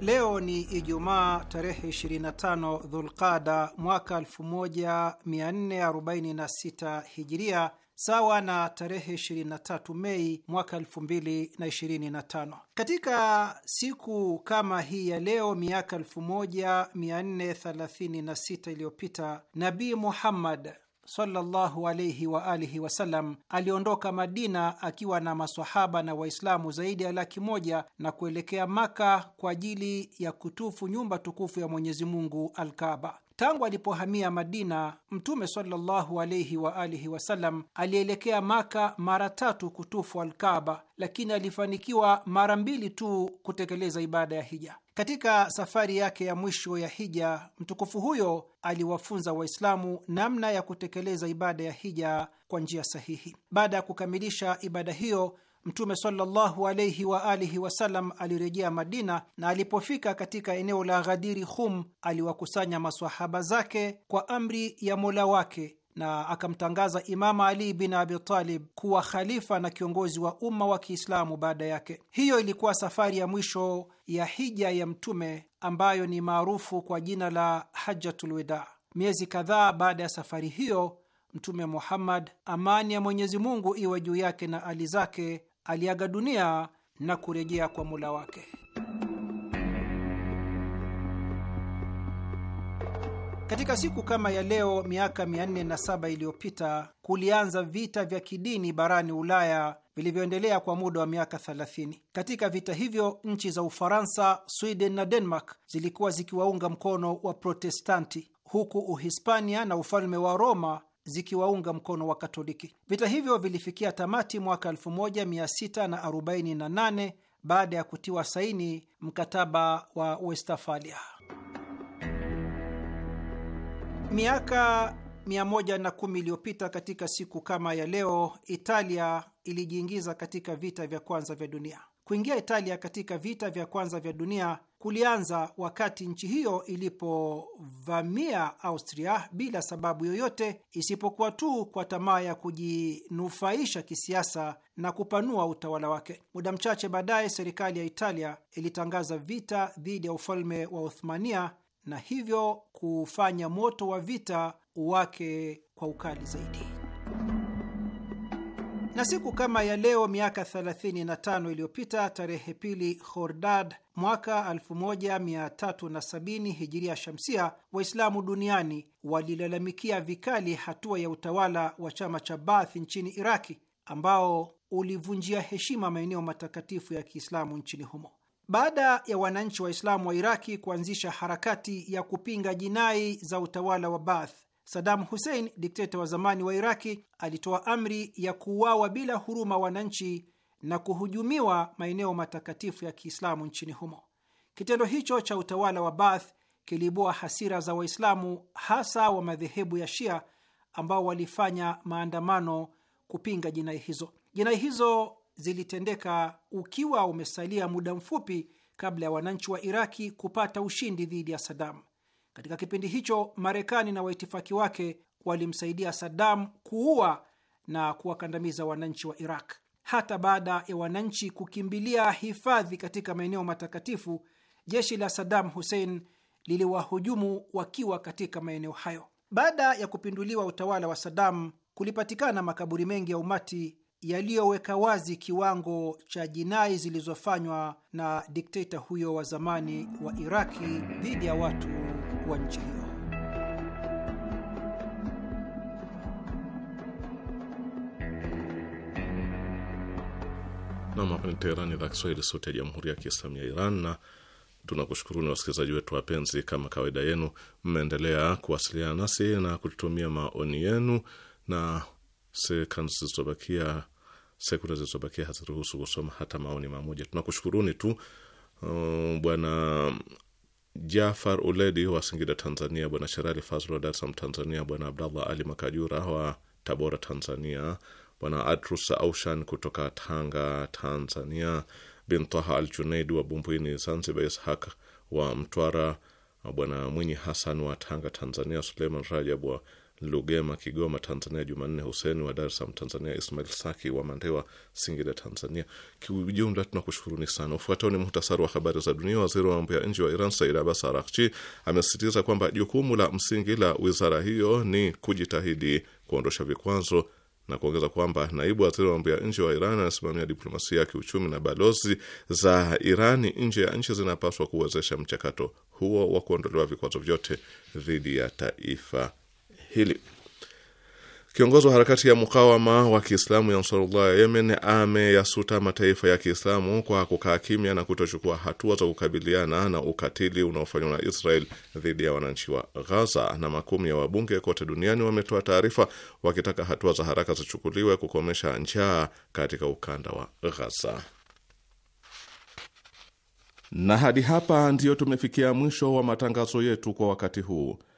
S4: Leo ni Ijumaa tarehe 25 Dhulqada mwaka 1446 Hijiria, sawa na tarehe 23 Mei mwaka 2025. Katika siku kama hii ya leo miaka 1436 iliyopita Nabii Muhammad sallallahu alayhi wa alihi wasallam aliondoka Madina akiwa na masahaba na Waislamu zaidi ya laki moja na kuelekea Maka kwa ajili ya kutufu nyumba tukufu ya Mwenyezi Mungu, Alkaaba. Tangu alipohamia Madina, Mtume sallallahu alaihi wa alihi wasallam alielekea Maka mara tatu kutufu Alkaba, lakini alifanikiwa mara mbili tu kutekeleza ibada ya hija. Katika safari yake ya mwisho ya hija, mtukufu huyo aliwafunza Waislamu namna ya kutekeleza ibada ya hija kwa njia sahihi. Baada ya kukamilisha ibada hiyo Mtume sallallahu wa alihi wasallam alirejea Madina na alipofika katika eneo la Ghadiri Khum, aliwakusanya masahaba zake kwa amri ya mola wake na akamtangaza Imama Ali bin Abi Talib kuwa khalifa na kiongozi wa umma wa Kiislamu baada yake. Hiyo ilikuwa safari ya mwisho ya hija ya Mtume ambayo ni maarufu kwa jina la Hajjatul Wida. Miezi kadhaa baada ya safari hiyo, Mtume Muhammad, amani ya Mwenyezi Mungu iwe juu yake na ali zake aliaga dunia na kurejea kwa mula wake. Katika siku kama ya leo miaka 407 iliyopita kulianza vita vya kidini barani Ulaya vilivyoendelea kwa muda wa miaka 30. Katika vita hivyo nchi za Ufaransa, Sweden na Denmark zilikuwa zikiwaunga mkono wa Protestanti, huku Uhispania na ufalme wa Roma zikiwaunga mkono wa Katoliki. Vita hivyo vilifikia tamati mwaka 1648 baada ya kutiwa saini mkataba wa Westfalia. Miaka 110 iliyopita katika siku kama ya leo, Italia ilijiingiza katika vita vya kwanza vya dunia. Kuingia Italia katika vita vya kwanza vya dunia kulianza wakati nchi hiyo ilipovamia Austria bila sababu yoyote isipokuwa tu kwa tamaa ya kujinufaisha kisiasa na kupanua utawala wake. Muda mchache baadaye, serikali ya Italia ilitangaza vita dhidi ya ufalme wa Uthmania na hivyo kufanya moto wa vita uwake kwa ukali zaidi. Na siku kama ya leo miaka 35 iliyopita, tarehe pili hordad mwaka 1370 hijiria shamsia, Waislamu duniani walilalamikia vikali hatua ya utawala wa chama cha Baath nchini Iraki ambao ulivunjia heshima maeneo matakatifu ya Kiislamu nchini humo. Baada ya wananchi Waislamu wa Iraki kuanzisha harakati ya kupinga jinai za utawala wa Baath, Saddam Hussein, dikteta wa zamani wa Iraki, alitoa amri ya kuuawa bila huruma wananchi na kuhujumiwa maeneo matakatifu ya Kiislamu nchini humo. Kitendo hicho cha utawala wa Baath kiliibua hasira za Waislamu, hasa wa madhehebu ya Shia ambao walifanya maandamano kupinga jinai hizo. Jinai hizo zilitendeka ukiwa umesalia muda mfupi kabla ya wananchi wa Iraki kupata ushindi dhidi ya sadamu katika kipindi hicho, Marekani na waitifaki wake walimsaidia sadam kuua na kuwakandamiza wananchi wa Iraq. Hata baada ya wananchi kukimbilia hifadhi katika maeneo matakatifu, jeshi la sadam Hussein liliwahujumu wakiwa katika maeneo hayo. Baada ya kupinduliwa utawala wa sadam kulipatikana makaburi mengi ya umati yaliyoweka wazi kiwango cha jinai zilizofanywa na dikteta huyo wa zamani wa Iraki dhidi ya watu wa nchi hiyo.
S1: Nam, Teherani, idhaa Kiswahili, sauti ya jamhuri ya kiislamu ya Iran. Na tunakushukuruni wasikilizaji wetu wapenzi, kama kawaida yenu, mmeendelea kuwasiliana nasi na kututumia maoni yenu, na sekunde zilizobakia sekunde zilizobakia haziruhusu kusoma hata maoni mamoja. Tunakushukuruni tu uh, bwana Jafar Uledi wa Singida, Tanzania, Bwana Sherali Fazl wa Dar es Salaam, Tanzania, Bwana Abdallah Ali Makajura wa Tabora, Tanzania, Bwana Atrus Aushan kutoka Tanga, Tanzania, bin Taha Al Junaid wa Bumbwini, Zanzibar, Ishaq wa Mtwara, Bwana Mwinyi hasan wa Tanga, Tanzania, Suleiman Rajab wa Lugema, Kigoma, Tanzania; Jumanne Huseni wa Dar es Salaam, Tanzania; Ismail Saki wa Mandewa, Singida, Tanzania. Kiujumla tunakushukuruni sana. Ufuatao ni muhtasari wa habari za dunia. Waziri wa mambo ya nje wa Iran Said Abbas Arakchi, amesisitiza kwamba jukumu la msingi la wizara hiyo ni kujitahidi kuondosha vikwazo na kuongeza kwamba naibu waziri wa mambo ya nje wa Iran anasimamia diplomasia ya kiuchumi na balozi za Irani nje ya nchi zinapaswa kuwezesha mchakato huo wa kuondolewa vikwazo vyote dhidi ya taifa hili. Kiongozi wa harakati ya mukawama wa Kiislamu ya Ansarullah ya Yemen ameyasuta mataifa ya Kiislamu kwa kukaa kimya na kutochukua hatua za kukabiliana na ukatili unaofanywa na Israel dhidi ya wananchi wa Ghaza. Na makumi ya wabunge kote duniani wametoa taarifa wakitaka hatua za haraka zichukuliwe kukomesha njaa katika ukanda wa Ghaza. Na hadi hapa ndiyo tumefikia mwisho wa matangazo yetu kwa wakati huu.